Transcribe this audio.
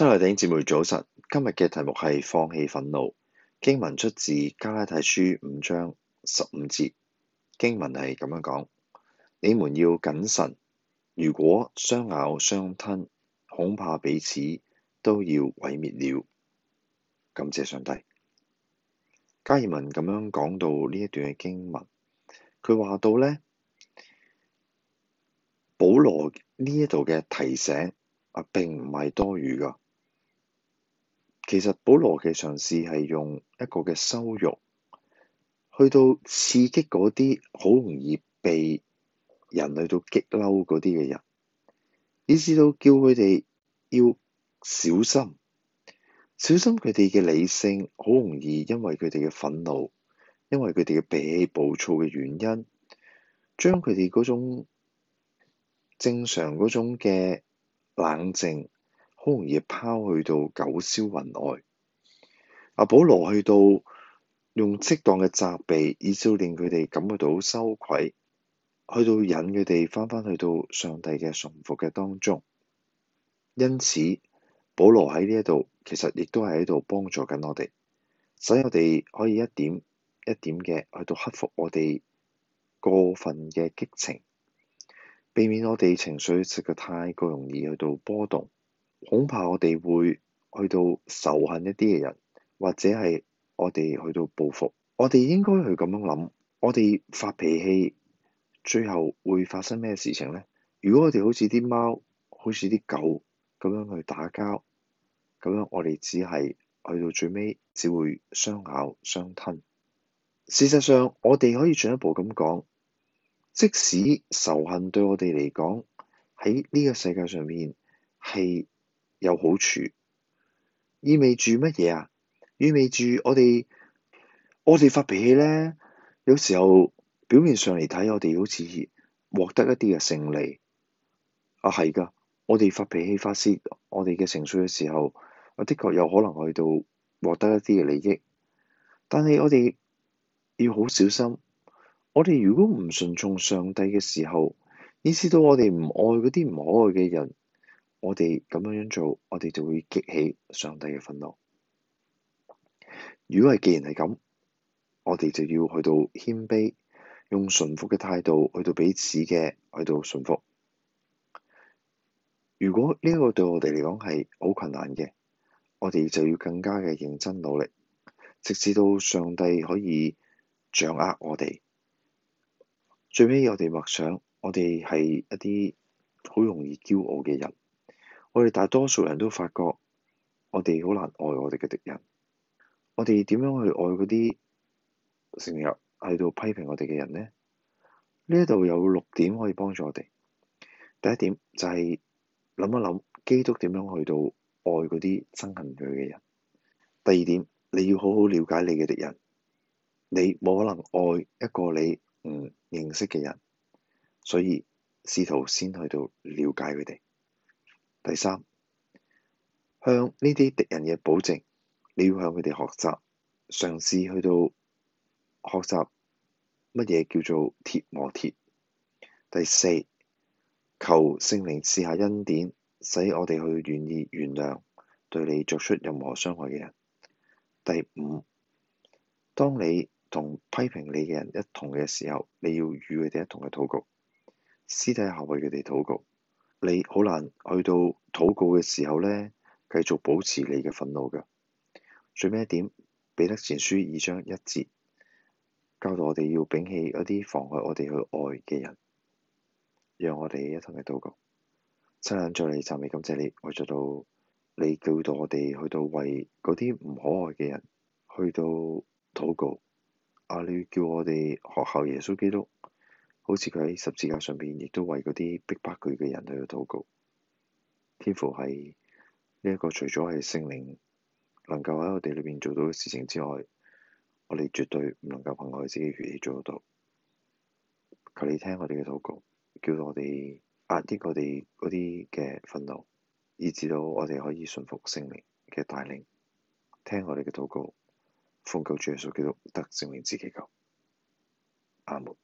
親愛的姊妹早晨。今日嘅題目係放棄憤怒。經文出自加拉太書五章十五節，經文係咁樣講：你們要謹慎，如果相咬相吞，恐怕彼此都要毀滅了。感謝上帝，加爾文咁樣講到呢一段嘅經文，佢話到呢：「保羅呢一度嘅提醒啊，並唔係多餘噶。其實保羅嘅嘗試係用一個嘅羞辱，去到刺激嗰啲好容易被人類到激嬲嗰啲嘅人，以至到叫佢哋要小心，小心佢哋嘅理性好容易因為佢哋嘅憤怒，因為佢哋嘅脾氣暴躁嘅原因，將佢哋嗰種正常嗰種嘅冷靜。好容易拋去到九霄雲外。阿保羅去到用適當嘅責備，以至令佢哋感覺到羞愧，去到引佢哋翻返去到上帝嘅順服嘅當中。因此，保羅喺呢一度其實亦都係喺度幫助緊我哋，使我哋可以一點一點嘅去到克服我哋過分嘅激情，避免我哋情緒實在太過容易去到波動。恐怕我哋會去到仇恨一啲嘅人，或者係我哋去到報復。我哋應該去咁樣諗，我哋發脾氣，最後會發生咩事情呢？如果我哋好似啲貓，好似啲狗咁樣去打交，咁樣我哋只係去到最尾，只會相咬相吞。事實上，我哋可以進一步咁講，即使仇恨對我哋嚟講，喺呢個世界上面係。有好處，意味住乜嘢啊？意味住我哋，我哋發脾氣咧，有時候表面上嚟睇，我哋好似獲得一啲嘅勝利。啊，係噶，我哋發脾氣發泄我哋嘅情緒嘅時候，啊，的確有可能去到獲得一啲嘅利益。但係我哋要好小心，我哋如果唔順從上帝嘅時候，意識到我哋唔愛嗰啲唔可愛嘅人。我哋咁樣樣做，我哋就會激起上帝嘅憤怒。如果係既然係咁，我哋就要去到謙卑，用順服嘅態度去到彼此嘅去到順服。如果呢個對我哋嚟講係好困難嘅，我哋就要更加嘅認真努力，直至到上帝可以掌握我哋。最尾我哋默想，我哋係一啲好容易驕傲嘅人。我哋大多數人都發覺，我哋好難愛我哋嘅敵人。我哋點樣去愛嗰啲成日喺度批評我哋嘅人呢？呢度有六點可以幫助我哋。第一點就係諗一諗基督點樣去到愛嗰啲憎恨佢嘅人。第二點，你要好好了解你嘅敵人。你冇可能愛一個你唔認識嘅人，所以試圖先去到了解佢哋。第三，向呢啲敵人嘅保證，你要向佢哋學習，嘗試去到學習乜嘢叫做鐵磨鐵。第四，求聖靈賜下恩典，使我哋去願意原諒對你作出任何傷害嘅人。第五，當你同批評你嘅人一同嘅時候，你要與佢哋一同去禱告，私底下為佢哋禱告。你好難去到禱告嘅時候咧，繼續保持你嘅憤怒㗎。最尾一點，彼得前書二章一節，教導我哋要摒棄嗰啲妨礙我哋去愛嘅人，讓我哋一同去禱告。親恩在你，讚美感謝你，我做到你，叫到我哋去到為嗰啲唔可愛嘅人去到禱告。啊，你叫我哋學效耶穌基督。好似佢喺十字架上邊，亦都為嗰啲逼迫佢嘅人去禱告。天父係呢一個除咗係聖靈能夠喺我哋裏邊做到嘅事情之外，我哋絕對唔能夠憑我哋自己嘅血氣做得到。求你聽我哋嘅禱告，叫我哋壓抑我哋嗰啲嘅憤怒，以至到我哋可以順服聖靈嘅帶領，聽我哋嘅禱告，奉救主耶穌基督得聖靈之祈求。阿門。